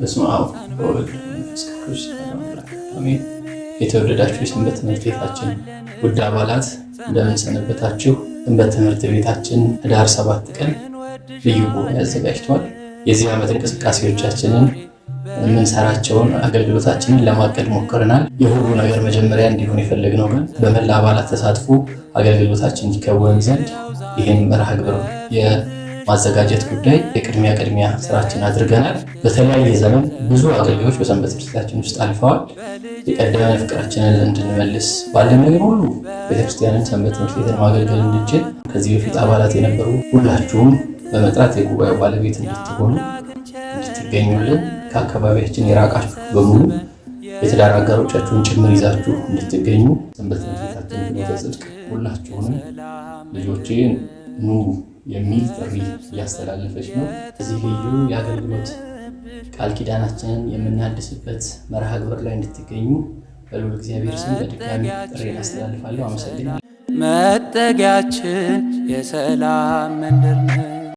በስመ አብ ቅዱስ አሜን። የተወደዳችሁ የሰንበት ትምህርት ቤታችን ውድ አባላት እንደምን ሰነበታችሁ? ሰንበት ትምህርት ቤታችን ህዳር ሰባት ቀን ልዩ ጉባኤ አዘጋጅቷል። የዚህ ዓመት እንቅስቃሴዎቻችንን የምንሰራቸውን አገልግሎታችንን ለማቀድ ሞክረናል። የሁሉ ነገር መጀመሪያ እንዲሆን የፈለግነው ግን በመላ አባላት ተሳትፎ አገልግሎታችን ይከወን ዘንድ ይህን መርሃ ግብር ማዘጋጀት ጉዳይ የቅድሚያ ቅድሚያ ስራችን አድርገናል። በተለያየ ዘመን ብዙ አገልጋዮች በሰንበት ቤታችን ውስጥ አልፈዋል። የቀደመ ፍቅራችንን እንድንመልስ ባለን ነገር ሁሉ ቤተክርስቲያንን፣ ሰንበት ትምህርት ቤትን ማገልገል እንድንችል ከዚህ በፊት አባላት የነበሩ ሁላችሁም በመጥራት የጉባኤው ባለቤት እንድትሆኑ እንድትገኙልን ከአካባቢያችን የራቃችሁ በሙሉ የትዳር አጋሮቻችሁን ጭምር ይዛችሁ እንድትገኙ ሰንበት ትምህርት ቤታችን ጽድቅ ሁላችሁንም ልጆቼ ኑ የሚል ጥሪ እያስተላለፈች ነው። እዚህ ልዩ የአገልግሎት ቃል ኪዳናችንን የምናድስበት መርሃ ግብር ላይ እንድትገኙ በልዑል እግዚአብሔር ስም በድጋሚ ጥሪ አስተላልፋለሁ። አመሰግናለሁ። መጠጊያችን የሰላም መንደር ነው።